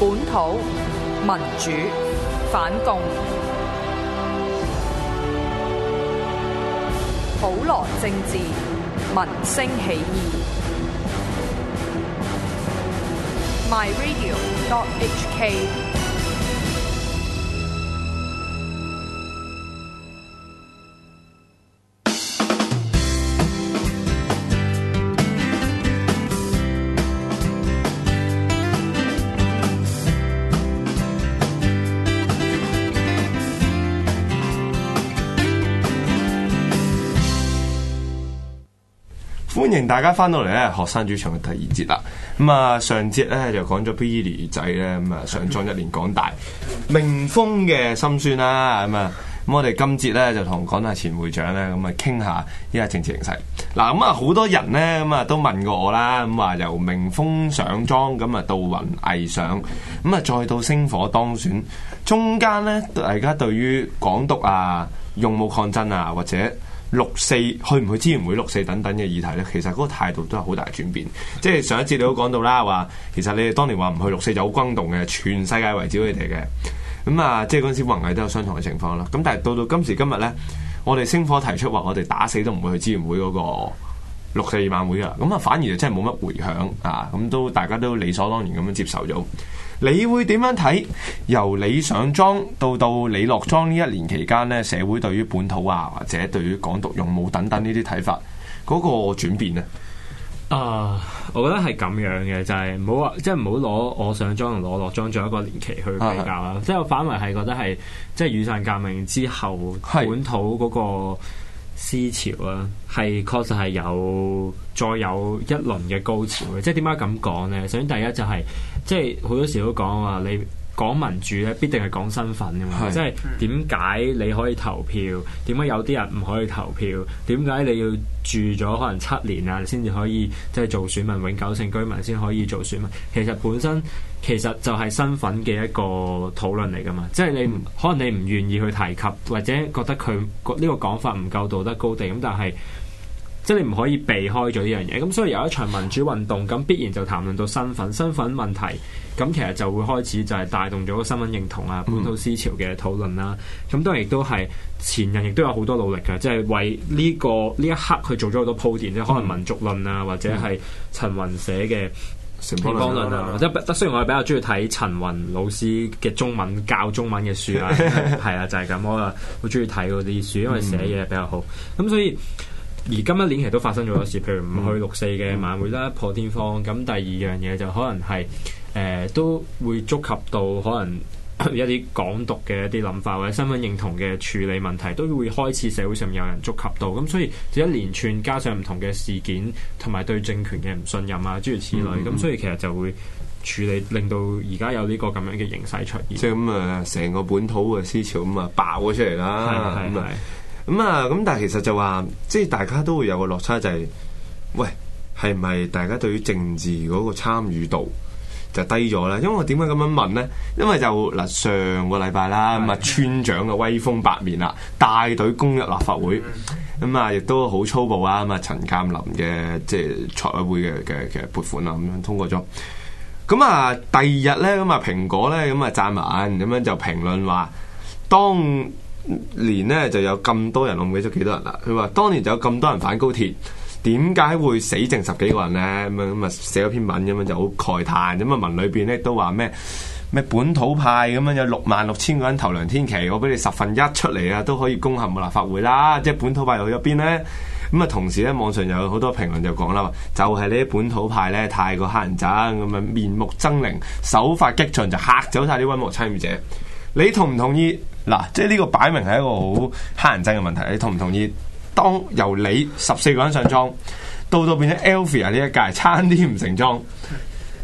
本土民主反共，普羅政治民聲起義。MyRadio.HK。歡迎大家翻到嚟咧，學生主場嘅第二節啦。咁、嗯嗯、啊，上節咧就講咗 Billy 仔咧，咁啊上莊一年港大明峰嘅心酸啦。咁啊，咁我哋今節咧就同港大前會長咧咁啊傾下依家政治形勢。嗱，咁啊好多人咧咁啊都問過我啦，咁、嗯、話由明峰上莊咁啊到雲翳上，咁、嗯、啊再到星火當選，中間咧大家對於港獨啊、用武抗爭啊或者，六四去唔去支援會六四等等嘅議題呢，其實嗰個態度都係好大轉變。即係上一節你都講到啦，話其實你哋當年話唔去六四就好轟動嘅，全世界圍剿你哋嘅。咁啊，即係嗰陣時宏毅都有相同嘅情況啦。咁但係到到今時今日呢，我哋星火提出話我哋打死都唔會去支援會嗰個六四晚會啊。咁啊，反而就真係冇乜回響啊。咁都大家都理所當然咁樣接受咗。你會點樣睇由你上莊到到你落莊呢一年期間呢，社會對於本土啊，或者對於港獨、勇武等等呢啲睇法嗰、那個轉變呢？啊，uh, 我覺得係咁樣嘅，就係唔好話，即係唔好攞我上莊同攞落莊做一個年期去比較啦。Uh, 啊、即係我反為係覺得係，即、就、係、是、雨傘革命之後本土嗰、那個。思潮啊，係確實係有再有一輪嘅高潮嘅，即係點解咁講呢？首先第一就係、是，即係好多時都講話你。講民主咧，必定係講身份嘅嘛。是即係，點解你可以投票？點解有啲人唔可以投票？點解你要住咗可能七年啊，先至可以即係做選民？永久性居民先可以做選民。其實本身其實就係身份嘅一個討論嚟㗎嘛。即係你、嗯、可能你唔願意去提及，或者覺得佢呢個講法唔夠道德高地咁，但係。即係你唔可以避開咗呢樣嘢，咁所以有一場民主運動，咁必然就談論到身份、身份問題，咁其實就會開始就係帶動咗個身份認同啊、本土思潮嘅討論啦。咁、嗯、當然亦都係前人亦都有好多努力嘅，即、就、係、是、為呢、這個呢、嗯、一刻去做咗好多鋪墊，即係可能民族論啊，嗯、或者係陳雲寫嘅《城邦論》啊。或者雖然我比較中意睇陳雲老師嘅中文教中文嘅書啊，係啊、 嗯，就係、是、咁，我啊好中意睇嗰啲書，因為寫嘢比較好。咁所以。而今一年其實都發生咗好多事，譬如唔去六四嘅晚會啦、破天荒，咁、嗯、第二樣嘢就可能係誒、呃、都會觸及到可能一啲港獨嘅一啲諗法或者身份認同嘅處理問題，都會開始社會上面有人觸及到，咁所以就一連串加上唔同嘅事件同埋對政權嘅唔信任啊諸如此類，咁、嗯嗯、所以其實就會處理令到而家有呢個咁樣嘅形勢出現，即係咁啊，成個本土嘅思潮咁啊爆咗出嚟啦，咁咪。咁啊，咁、嗯、但係其實就話，即係大家都會有個落差，就是，就係喂，係咪大家對於政治嗰個參與度就低咗咧？因為我點解咁樣問咧？因為就嗱上個禮拜啦，咁啊村長嘅威風八面啦，帶隊攻入立法會，咁啊亦都好粗暴啊，咁啊陳鑑林嘅即係財委會嘅嘅嘅撥款啊，咁樣通過咗。咁、嗯、啊，第二日咧，咁啊蘋果咧，咁啊贊文咁樣就評論話，當。年呢就有咁多人，我唔記得幾多人啦。佢話當年就有咁多人反高鐵，點解會死剩十幾個人呢？咁啊寫咗篇文咁樣就好慨嘆，咁啊文裏邊呢都話咩本土派咁樣有六萬六千個人投梁天琦，我俾你十分一出嚟啊，都可以攻陷冇立法會啦。即係本土派又去咗邊呢？咁啊，同時呢，網上又有好多評論就講啦，就係呢啲本土派呢，太過黑人憎，咁啊面目猙獰，手法激進就嚇走晒啲溫和參與者。你同唔同意？嗱，即係呢個擺明係一個好乞人憎嘅問題，你同唔同意？當由你十四個人上莊，到到變咗 Elvia 呢一屆，差啲唔成莊，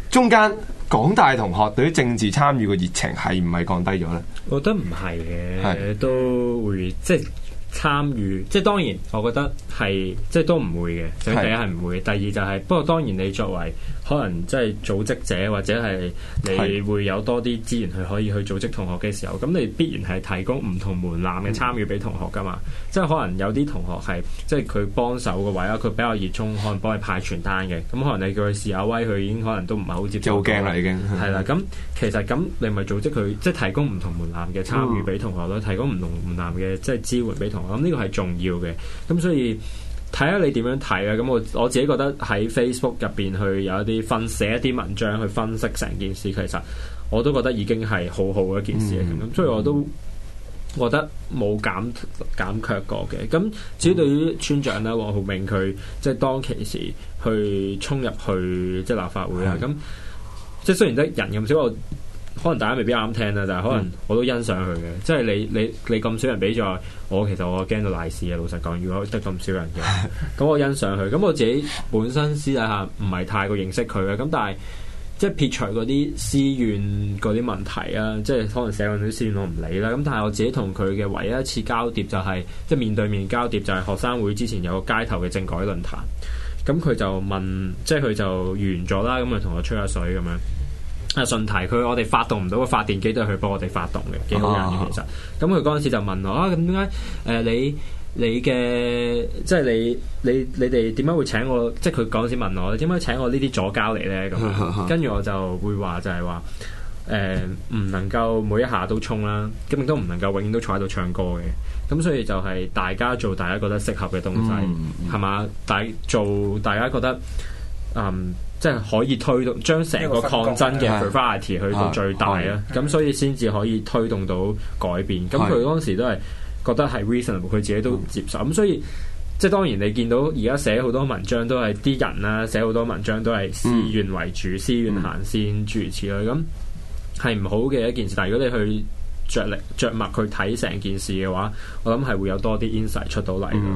中間廣大同學對於政治參與嘅熱情係唔係降低咗呢？我覺得唔係嘅，是的 都會即係參與，即、就、係、是就是、當然，我覺得係即係都唔會嘅。第一係唔會是的 第二就係、是、不過當然你作為。可能即係組織者，或者係你會有多啲資源去可以去組織同學嘅時候，咁的你必然係提供唔同門檻嘅參與俾同學噶嘛。嗯、即係可能有啲同學係即係佢幫手嘅位啦，佢比較熱衷可能幫你派傳單嘅，咁可能你叫佢試下威，佢已經可能都唔係好接受。就驚啦已經係啦。咁其實咁你咪組織佢，即係提供唔同門檻嘅參與俾同學咯，哦、提供唔同門檻嘅即係支援俾同學，咁呢個係重要嘅。咁所以。睇下你點樣睇啊，咁我我自己覺得喺 Facebook 入邊去有一啲分寫一啲文章去分析成件事，其實我都覺得已經係好好嘅一件事嚟，咁、嗯嗯，所以我都覺得冇減減卻過嘅。咁至於對於村長啦，黃浩銘佢即係當其時去衝入去即係立法會啊，咁的即係雖然得人咁少。我可能大家未必啱聽啦，但係可能我都欣賞佢嘅，嗯、即係你你你咁少人比賽，我其實我驚到賴事啊！老實講，如果得咁少人嘅，咁我欣賞佢。咁我自己本身私底下唔係太過認識佢嘅，咁但係即係撇除嗰啲私怨嗰啲問題啊，即係可能寫緊啲私怨我唔理啦。咁但係我自己同佢嘅唯一一次交疊就係、是、即係面對面交疊，就係學生會之前有個街頭嘅政改論壇，咁佢就問，即係佢就完咗啦，咁就同我吹下水咁樣。啊！順題，佢我哋發動唔到個發電機，都係佢幫我哋發動嘅，幾好人、啊、其實。咁佢嗰陣時就問我啊，咁點解誒你你嘅即係你你你哋點解會請我？即係佢嗰陣時問我，點解請我呢啲左膠嚟咧？咁跟住我就會話就係話誒，唔、呃、能夠每一下都衝啦，咁亦都唔能夠永遠都坐喺度唱歌嘅。咁所以就係大家做大家覺得適合嘅東西係嘛？大、嗯嗯、做大家覺得嗯。即係可以推動將成個抗爭嘅 priority 去到最大啦，咁 所以先至可以推動到改變。咁佢當時都係覺得係 reasonable，佢自己都接受。咁所以即係當然你見到而家寫好多文章都係啲人啦，寫好多文章都係私怨為主、私怨 行先諸如此類咁，係唔好嘅一件事。但係如果你去，着力著墨去睇成件事嘅話，我諗係會有多啲 insight 出到嚟咯。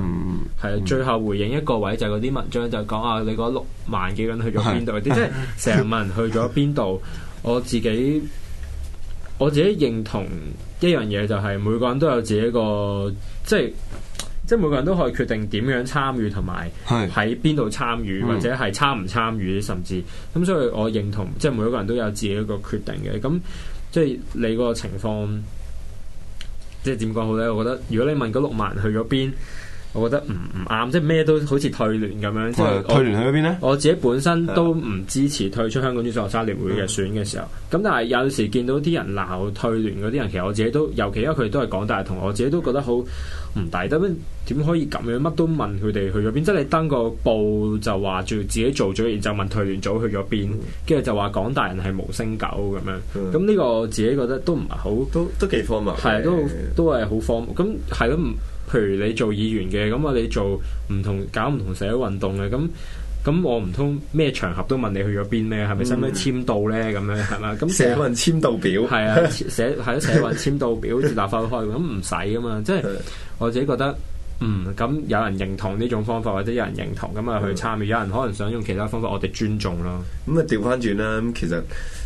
係、嗯、最後回應一個位就係嗰啲文章就講啊，你嗰六萬幾人去咗邊度嗰啲，即係成萬人去咗邊度。我自己我自己認同一樣嘢就係每個人都有自己一個即係。即係每個人都可以決定點樣參與同埋喺邊度參與或者係參唔參與，甚至咁。所以我認同，即係每一個人都有自己一個決定嘅。咁即係你嗰個情況，即係點講好呢？我覺得如果你問嗰六萬去咗邊？我覺得唔唔啱，即係咩都好似退聯咁樣。哦、退聯去咗邊咧？我自己本身都唔支持退出香港專上學生聯會嘅選嘅時候。咁、嗯、但係有時見到啲人鬧退聯嗰啲人，其實我自己都，尤其因為佢哋都係港大同學，我自己都覺得好唔抵得。點可以咁樣乜都問佢哋去咗邊？即係你登個報就話住自己做咗，然之後就問退聯組去咗邊，跟住、嗯、就話港大人係無聲狗咁樣。咁呢、嗯嗯、個我自己覺得都唔係好，都都幾荒謬。係都都係好荒謬。咁係咯，唔、嗯。譬如你做議員嘅，咁我哋做唔同搞唔同社會運動嘅，咁咁我唔通咩場合都問你去咗邊咩？係咪使唔使簽到呢？咁、嗯、樣係嘛？咁社運簽到表係 啊，寫係咯，社運、啊啊、簽到表好似立法會開，咁唔使啊嘛。即係的我自己覺得，嗯，咁有人認同呢種方法，或者有人認同咁啊去參與，的有人可能想用其他方法，我哋尊重咯。咁啊調翻轉啦，其實。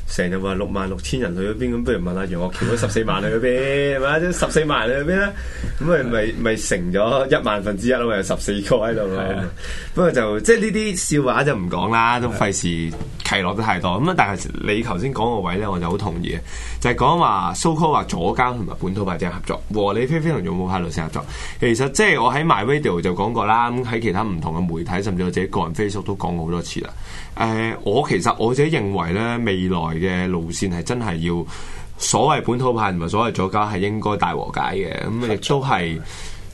成日話六萬六千人去咗邊，咁不如問下楊岳橋嗰十四萬去咗邊，係嘛？ 即十四萬去咗邊啦？咁咪咪咪成咗一萬分之一咯？有十四個喺度咯？不過就即呢啲笑話就唔講啦，都費事攜落得太多。咁啊，但係你頭先講個位咧，我就好同意啊，就係講話 so-called 話左膠同埋本土派正合作，和理非非同勇武派老成合作。其實即我喺 My Video 就講過啦，咁喺其他唔同嘅媒體，甚至我自己個人 Facebook 都講過好多次啦。誒、呃，我其實我自己認為咧，未來嘅路線係真係要所謂本土派同埋所謂左膠係應該大和解嘅，咁、嗯、亦都係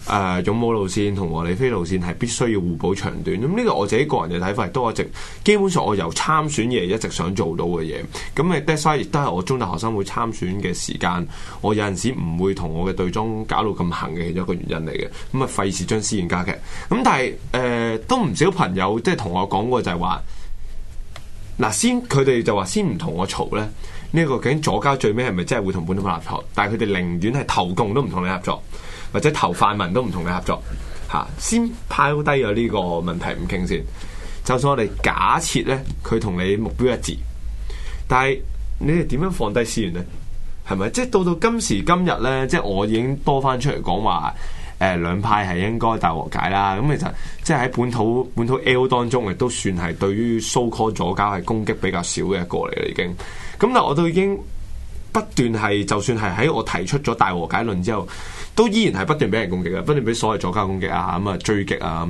誒勇武路線同和，和理非路線係必須要互補長短。咁、嗯、呢、這個我自己個人嘅睇法都多一直基本上我由參選嘢一直想做到嘅嘢，咁、嗯、亦都係我中大學生會參選嘅時間，我有陣時唔會同我嘅隊中搞到咁行嘅一個原因嚟嘅。咁啊費事將私怨加劇。咁、嗯、但係誒、呃、都唔少朋友即係同我講過就係話。嗱，先佢哋就話先唔同我嘈咧，呢個究竟左膠最尾係咪真係會同本土派合作？但係佢哋寧願係投共都唔同你合作，或者投泛民都唔同你合作，吓先拋低咗呢個問題唔傾先。就算我哋假設咧，佢同你目標一致，但係你哋點樣放低思源呢？係咪？即係到到今時今日咧，即係我已經多番出嚟講話。誒兩派係應該大和解啦，咁其實即係喺本土本土 L 當中，亦都算係對於 so-called 左膠係攻擊比較少嘅一個嚟啦，已經。咁但我都已經不斷係，就算係喺我提出咗大和解論之後，都依然係不斷俾人攻擊啊，不斷俾所謂左膠攻擊啊，咁啊追擊啊。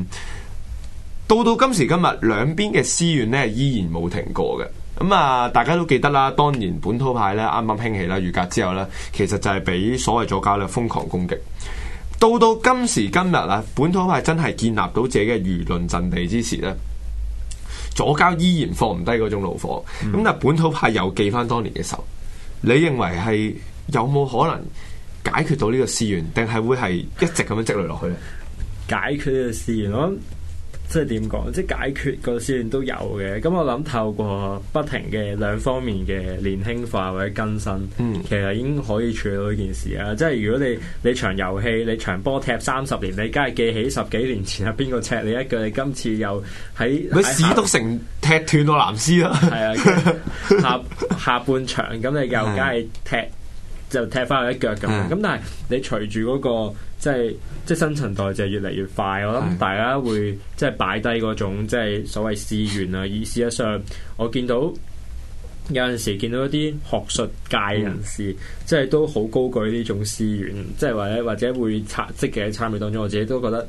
到到今時今日，兩邊嘅私怨咧依然冇停過嘅。咁啊，大家都記得啦，當年本土派呢啱啱興起啦，雨革之後呢，其實就係俾所謂左膠咧瘋狂攻擊。到到今時今日啊，本土派真係建立到自己嘅輿論陣地之時咧，左膠依然放唔低嗰種怒火。咁啊、嗯，但本土派又記翻當年嘅仇。你認為係有冇可能解決到呢個私怨？定係會係一直咁樣積累落去咧？解決嘅私怨咯。即係點講？即係解決個先都有嘅。咁我諗透過不停嘅兩方面嘅年輕化或者更新，其實已經可以處理到呢件事啊。即係如果你你場遊戲，你場波踢三十年，你梗係記起十幾年前係邊個踢你一句，你今次又喺史篤城踢斷個藍絲啦！係 啊，下下半場咁你又梗係踢。就踢翻佢一腳咁樣，咁的但係你隨住嗰、那個即係即係新陳代謝越嚟越快，我諗大家會即係擺低嗰種即係、就是、所謂思源啊。而事實上，我見到有陣時見到一啲學術界人士，的即係都好高舉呢種思源，即係或者或者會積極嘅參與當中，我自己都覺得。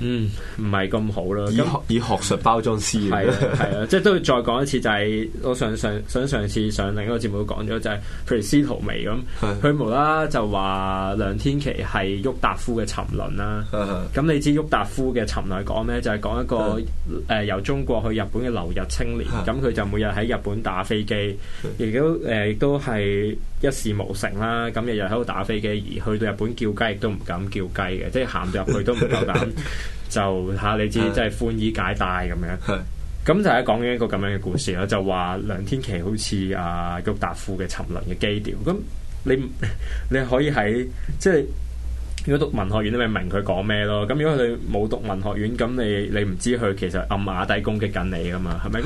嗯，唔係咁好啦。以學以學術包裝思係啦，係 啦，啊啊，即係都要再講一次，就是，就係我上上上上次上另一個節目都講咗，就是，就係譬如司徒薇咁，佢，啊、無啦就話梁天琦係郁達夫嘅沉淪啦、啊。咁，啊嗯、你知郁達夫嘅沉淪講咩？就係、是、講一個誒、啊呃、由中國去日本嘅留日青年，咁佢，啊嗯、就每日喺日本打飛機，亦、啊、都誒都係一事無成啦。咁日日喺度打飛機，而去到日本叫雞，亦都唔敢叫雞嘅，即係行到入去都唔夠膽。就吓、啊、你知，即係寬衣解帶咁樣。係咁就喺講緊一個咁樣嘅故事咯。就話梁天琦好似阿郁達夫嘅沉淪嘅基調。咁你你可以喺即係如果讀文學院你，你咪明佢講咩咯？咁如果你冇讀文學院，咁你你唔知佢其實暗啞底攻擊緊你噶嘛？係咪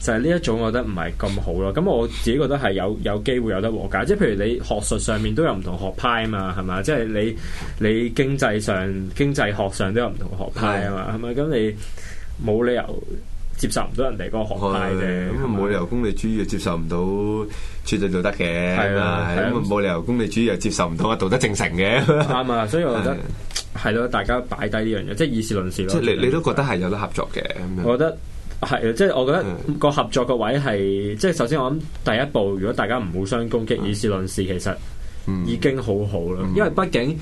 就係呢一種，我覺得唔係咁好咯。咁我自己覺得係有有機會有得和解，即係譬如你學術上面都有唔同學派嘛，係嘛？即係你你經濟上、經濟學上都有唔同學派啊嘛，係咪？咁你冇理由接受唔到人哋嗰個學派嘅，咁冇理由功利主義接受唔到絕對道德嘅，係啊，咁冇理由功利主義又接受唔到啊道德正誠嘅。啱啊，所以我覺得係咯，大家擺低呢樣嘢，即係以事論事咯。即係你你都覺得係有得合作嘅，咁樣我覺得。係啊，即係我覺得個合作個位係，即係首先我諗第一步，如果大家唔互相攻擊、嗯、以事論事，其實已經好好啦、嗯，因為畢竟。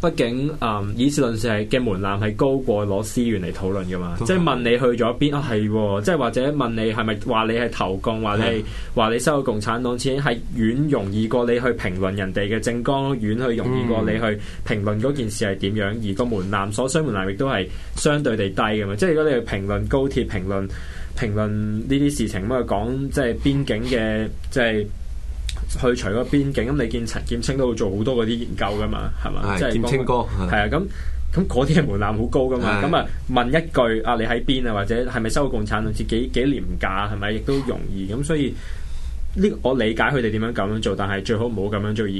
畢竟，嗯，以事論事係嘅門檻係高過攞私怨嚟討論噶嘛，嗯、即係問你去咗邊，啊係，即係或者問你係咪話你係投共，話你話、嗯、你收咗共產黨錢，係遠容易過你去評論人哋嘅政綱，遠去容易過你去評論嗰件事係點樣，而個門檻所需門檻亦都係相對地低噶嘛，即係如果你去評論高鐵、評論評論呢啲事情，咁去講即係邊境嘅即係。就是去除個邊境咁，你見陳劍青都要做好多嗰啲研究噶嘛，係吧嘛？即係吧，劍青哥係啊，咁咁嗰啲嘅門檻好高噶嘛，咁啊問一句啊，你喺邊啊，或者係咪收到共產好自己幾廉價，係咪，亦都容易咁，所以。呢我理解佢哋點樣咁樣做，但係最好唔好咁樣做。而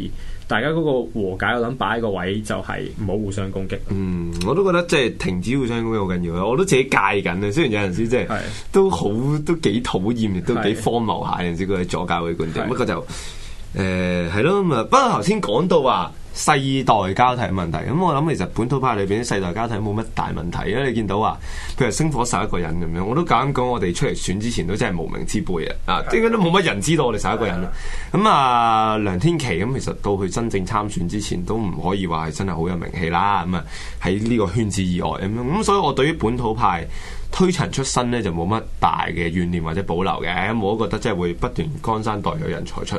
大家嗰個和解我諗擺喺個位，就係唔好互相攻擊。嗯，我都覺得即係停止互相攻擊好緊要。我都自己戒緊啊。雖然有陣時即係都好的都，都幾討厭，亦都幾荒謬下。的有陣時佢哋左膠嘅哋觀點，的不過就誒係咯。咁、呃、啊，不過頭先講到話。世代交替問題，咁我諗其實本土派裏邊啲世代交替冇乜大問題，因為你見到啊，譬如星火十一個人咁樣，我都敢講，講我哋出嚟選之前都真係無名之輩啊，點解的都冇乜人知道我哋十一個人咧？咁啊的，梁天琦咁其實到佢真正參選之前都唔可以話係真係好有名氣啦，咁啊喺呢個圈子以外咁，咁所以我對於本土派推陳出新呢，就冇乜大嘅怨念或者保留嘅，誒，我都覺得即係會不斷江山代有人才出。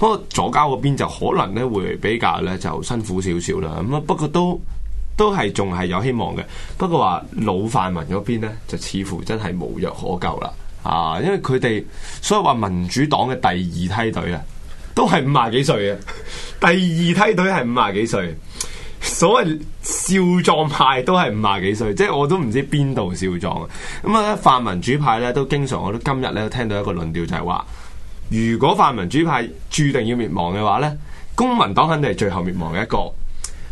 不過左膠嗰邊就可能咧會比較咧就辛苦少少啦，咁啊不過都都係仲係有希望嘅。不過話老泛民嗰邊咧就似乎真係無藥可救啦，啊！因為佢哋所以話民主黨嘅第二梯隊啊，都係五廿幾歲嘅，第二梯隊係五廿幾歲，所謂少壯派都係五廿幾歲，即係我都唔知邊度少壯啊。咁、嗯、啊，泛民主派咧都經常我都今日咧聽到一個論調就係、是、話。如果泛民主派注定要滅亡嘅話呢，公民黨肯定係最後滅亡嘅一個。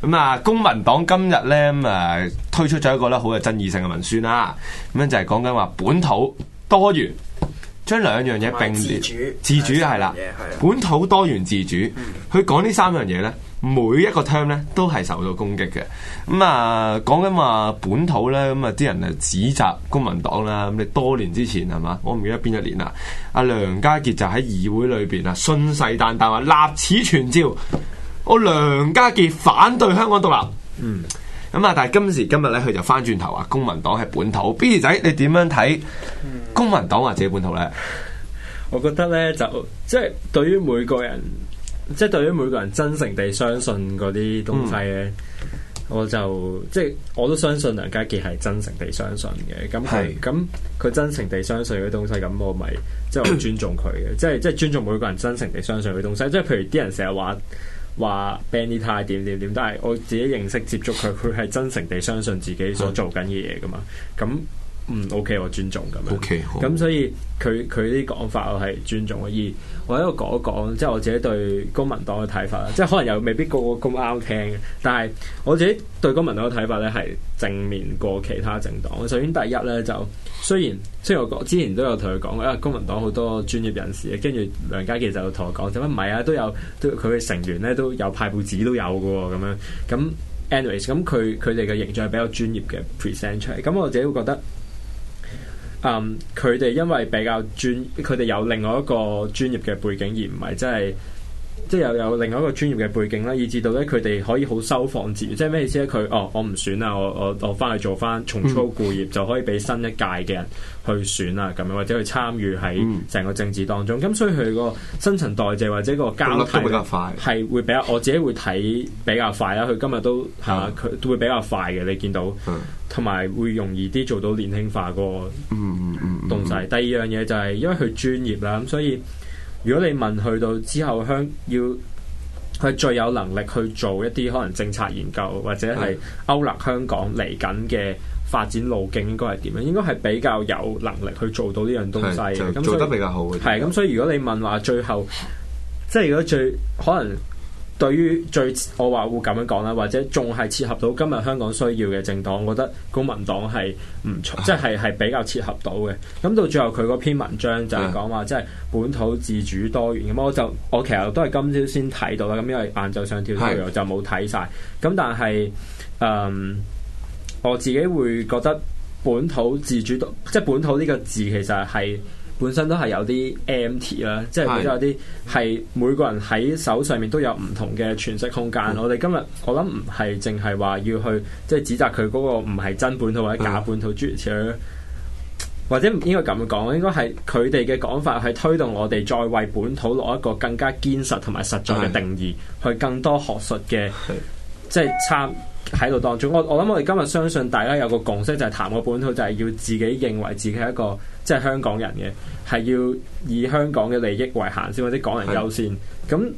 咁啊，公民黨今日呢，咁、呃、推出咗一個咧好有爭議性嘅文宣啦。咁就係講緊話本土多元，將兩樣嘢並列，自主係啦，本土多元自主。佢講呢三樣嘢呢，每一個 term 咧都係受到攻擊嘅，咁啊講緊話本土咧，咁啊啲人啊指責公民黨啦，咁你多年之前係嘛，我唔記得邊一年啦。阿梁家傑就喺議會裏邊啊，信誓旦旦話立此存照，我梁家傑反對香港獨立。嗯，咁啊，但係今時今日咧，佢就翻轉頭話公民黨係本土。B 仔、嗯，你點樣睇公民黨或者本土咧？我覺得咧就即係、就是、對於每個人。即係對於每個人真誠地相信嗰啲東西咧，嗯、我就即係我都相信梁家傑係真誠地相信嘅。咁係咁，佢是真誠地相信嗰啲東西，咁我咪即係尊重佢嘅。即係即係尊重每個人真誠地相信嗰啲東西。即係譬如啲人成日話話 Benny 太點點點，但係我自己認識接觸佢，佢係真誠地相信自己所做緊嘅嘢㗎嘛。咁是。嗯，OK，我尊重咁樣，OK，咁 okay.、嗯、所以佢佢啲講法我係尊重嘅。而我喺度講一講，即係我自己對公民黨嘅睇法啦。即係可能又未必個個咁啱聽，但係我自己對公民黨嘅睇法咧係正面過其他政黨。首先第一咧就，雖然雖然我之前都有同佢講，因為公民黨好多專業人士，跟住梁家傑就同我講，點啊？唔係啊，都有都佢嘅成員咧都有派報紙都有嘅喎，咁樣咁。anyways 咁佢佢哋嘅形象係比較專業嘅 present 出嚟，咁我自己會覺得。嗯，佢哋，um, 因為比較專，佢哋有另外一個專業嘅背景，而唔係真係。即係又有另外一個專業嘅背景啦，以至到咧佢哋可以好收放自如。即係咩意思咧？佢哦，我唔選啦，我我我翻去做翻重操故業，嗯、就可以俾新一屆嘅人去選啦，咁樣或者去參與喺成個政治當中。咁所以佢個新陳代謝或者個交替係會比較，我自己會睇比較快啦。佢今日都係佢、啊嗯、都會比較快嘅，你見到，同埋會容易啲做到年輕化個動勢。第二樣嘢就係因為佢專業啦，咁所以。如果你問去到之後，香要佢最有能力去做一啲可能政策研究，或者係勾勒香港嚟緊嘅發展路徑應該係點樣？應該係比較有能力去做到呢樣東西，咁做得比較好嘅。係咁，所以如果你問話最後，即係如果最可能。對於最我話會咁樣講啦，或者仲係切合到今日香港需要嘅政黨，我覺得公民黨係唔錯，即係係比較切合到嘅。咁到最後佢嗰篇文章就係講話，的即係本土自主多元咁。我就我其實都係今朝先睇到啦，咁因為晏晝上條內容就冇睇晒。咁但係誒、嗯，我自己會覺得本土自主即係本土呢個字其實係。本身都係有啲 empty 啦，即係都有啲係每個人喺手上面都有唔同嘅詮釋空間。的我哋今日我諗唔係淨係話要去即係指責佢嗰個唔係真本土或者假本土，的諸如此類或者或者唔應該咁講，應該係佢哋嘅講法係推動我哋再為本土攞一個更加堅實同埋實在嘅定義，的去更多學術嘅的即係參。喺度當中，我我諗我哋今日相信大家有個共識，就談，就係談個本土就係要自己認為自己係一個即係香港人嘅，係要以香港嘅利益為行先或者港人優先，咁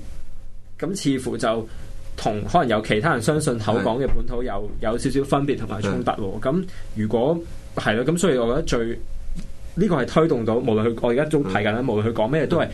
咁的似乎就同可能有其他人相信口講嘅本土有的有，有少少分別同埋衝突喎。咁的如果係啦，咁所以我覺得最呢、這個係推動到，無論佢我而家都睇緊啦，無論佢講咩都係。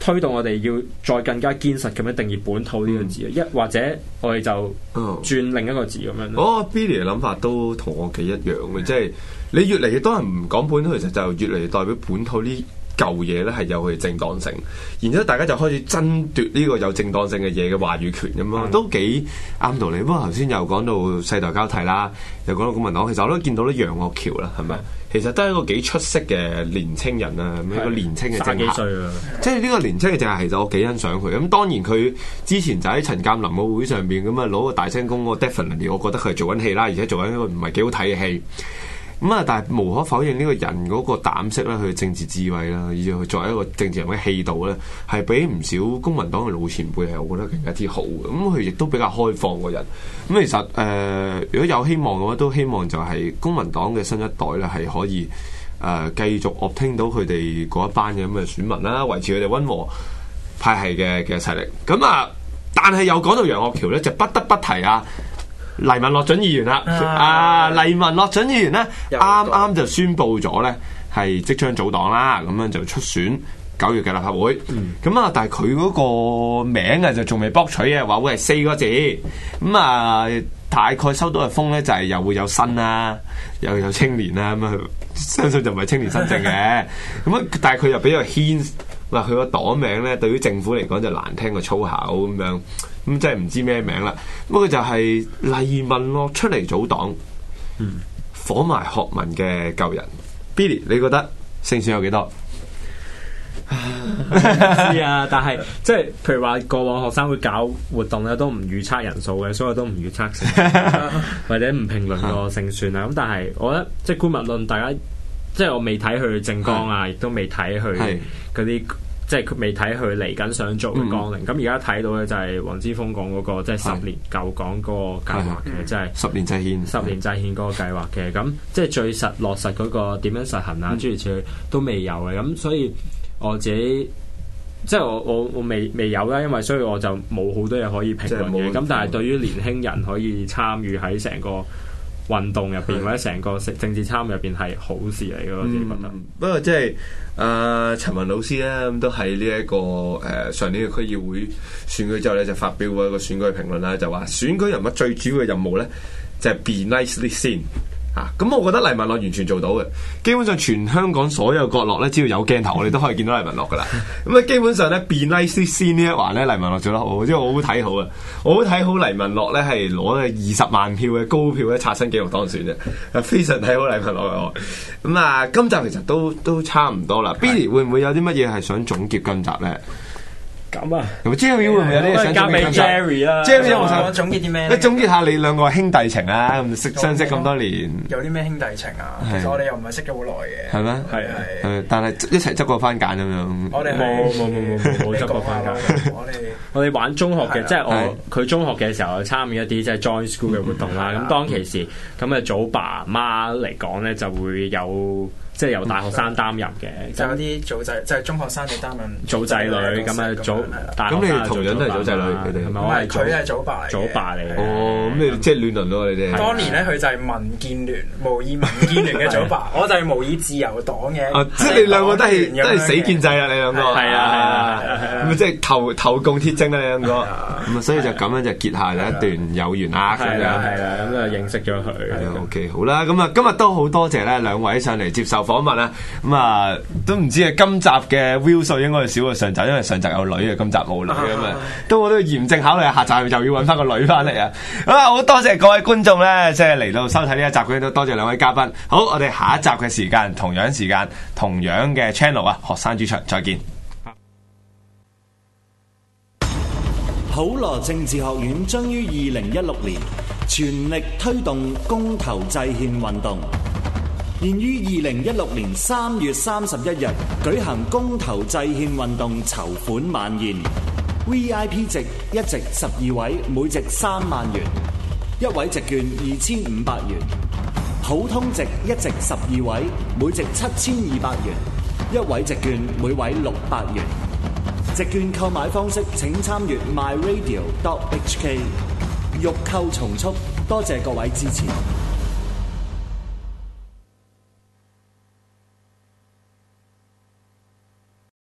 推動我哋要再更加堅實咁樣定義本土呢樣字，一、嗯、或者我哋就轉另一個字咁、哦、樣。哦、oh，Billy 嘅諗法都同我幾一樣嘅，即、就、係、是、你越嚟越多人唔講本土，其實就越嚟越代表本土呢。舊嘢咧係有佢嘅正當性，然之後大家就開始爭奪呢個有正當性嘅嘢嘅話語權咁咯，嗯、都幾啱道理。不過頭先又講到世代交替啦，又講到公民黨，其實我都見到咧楊岳橋啦，係咪？是其實都係一個幾出色嘅年青人啊，是一個年青嘅政客。幾歲啊？即係呢個年青嘅政客，其實我幾欣賞佢。咁當然佢之前就喺陳鑑林個會上邊咁啊攞個大聲公個 definitely 我覺得佢係做緊戲啦，而且做緊一個唔係幾好睇嘅戲。咁啊！但係無可否認呢、這個人嗰個膽色咧，佢嘅政治智慧啦，以及佢作為一個政治人物氣度咧，係比唔少公民黨嘅老前輩係我覺得更加之好嘅。咁佢亦都比較開放個人。咁其實誒、呃，如果有希望嘅話，都希望就係公民黨嘅新一代咧，係可以誒繼、呃、續聽到佢哋嗰一班嘅咁嘅選民啦，維持佢哋溫和派系嘅嘅勢力。咁啊，但係又講到楊岳橋咧，就不得不提啊！黎文樂準議員啦，啊，啊黎文樂準議員咧，啱啱，就宣布咗咧，係即將組黨啦，咁樣就出選九月嘅立法會。咁啊、嗯，但係佢嗰個名啊，就仲未卜取嘅，話會係四個字。咁、嗯、啊，大概收到嘅風咧，就係、是、又會有新啦、啊，又有青年啦，咁啊，樣佢相信就唔係青年新政嘅。咁啊，但係佢又比較牽，喂，佢個黨名咧，對於政府嚟講就難聽過粗口咁樣。咁即係唔知咩名啦，不過就係例文咯，出嚟組黨，嗯，夥埋學文嘅舊人，Billy，你覺得勝算有幾多？唔知啊，但係即係譬如話過往學生會搞活動咧，都唔預測人數嘅，所以我都唔預測， 或者唔評論個勝算啊。咁 但係我覺得，即係觀物論，大家即係我未睇佢政綱啊，是 亦都未睇佢嗰啲。即係佢未睇佢嚟緊想做嘅綱領，咁而家睇到咧就係黃之鋒講嗰個，嗯、即係十年舊港嗰個計劃嘅，即係、嗯、十年制憲、十年制憲嗰個計劃嘅，咁、嗯、即係最實落實嗰個點樣實行啊、嗯、諸如此類都未有嘅，咁所以我自己即係我我我未未有啦，因為所以我就冇好多嘢可以評論嘅，咁但係對於年輕人可以參與喺成個運動入邊或者成個政治參與入邊係好事嚟嘅，嗯、我自己覺得。不過即係啊，陳文老師咧咁都喺呢一個誒、呃、上年嘅區議會選舉之後咧，就發表過一個選舉評論啦，就話選舉人物最主要嘅任務咧就係、是、be nicely seen。咁、啊、我覺得黎文樂完全做到嘅，基本上全香港所有角落咧，只要有鏡頭，我哋都可以見到黎文樂噶啦。咁啊，基本上咧，變 nice 先呢一環咧，黎文樂做得好，即係我好睇好啊，我會好睇好黎文樂咧係攞咗二十萬票嘅高票咧刷新紀錄當選嘅，啊，非常睇好黎文樂嘅我。咁啊，今集其實都都差唔多啦。Billy 的會唔會有啲乜嘢係想總結今集咧？咁啊，咁之後會唔會有啲想交俾 Jerry 啦，Jerry 我想總結啲咩？你總結下你兩個兄弟情啦，識相識咁多年，有啲咩兄弟情啊？其實我哋又唔係識咗好耐嘅，係咩？係係，但係一齊執過番梘咁樣。我哋冇冇冇冇冇執過番梘，我哋我哋玩中學嘅，即係我佢中學嘅時候參與一啲即係 join school 嘅活動啦。咁當其時咁啊，早爸媽嚟講咧就會有。即係由大學生擔任嘅，就有啲組仔，就係中學生嚟擔任組仔女咁啊組。咁你同樣都係組仔女佢哋，唔係佢係組爸組爸嚟嘅。哦，咁你即係亂倫咯你哋。當年咧，佢就係民建聯模擬民建聯嘅組爸，我就係模擬自由黨嘅。即係你兩個都係都係死建制啊！你兩個。係啊。咁啊，即係投投共鐵證啊！你兩個。咁啊，所以就咁樣就結下一段友誼啦。係啊，係啊，咁啊認識咗佢。OK，好啦，咁啊今日都好多謝咧兩位上嚟接受。訪問啊，咁、嗯、啊都唔知啊。今集嘅 view 數應該係少過上集，因為上集有女嘅，今集冇女咁啊。嗯、都我都嚴正考慮下集又要揾翻個女翻嚟啊。好、嗯，多謝各位觀眾咧，即係嚟到收睇呢一集，都多謝兩位嘉賓。好，我哋下一集嘅時間，同樣時間，同樣嘅 channel 啊，學生主場，再見。普羅政治學院將於二零一六年全力推動公投制憲運動。現於二零一六年三月三十一日舉行公投制憲運動籌款晚宴 VIP 席一席十二位，每席三萬元；一位席券二千五百元；普通席一席十二位，每席七千二百元；一位席券每位六百元。席券購買方式，請參閱 myradio.hk。欲購從速，多謝各位支持。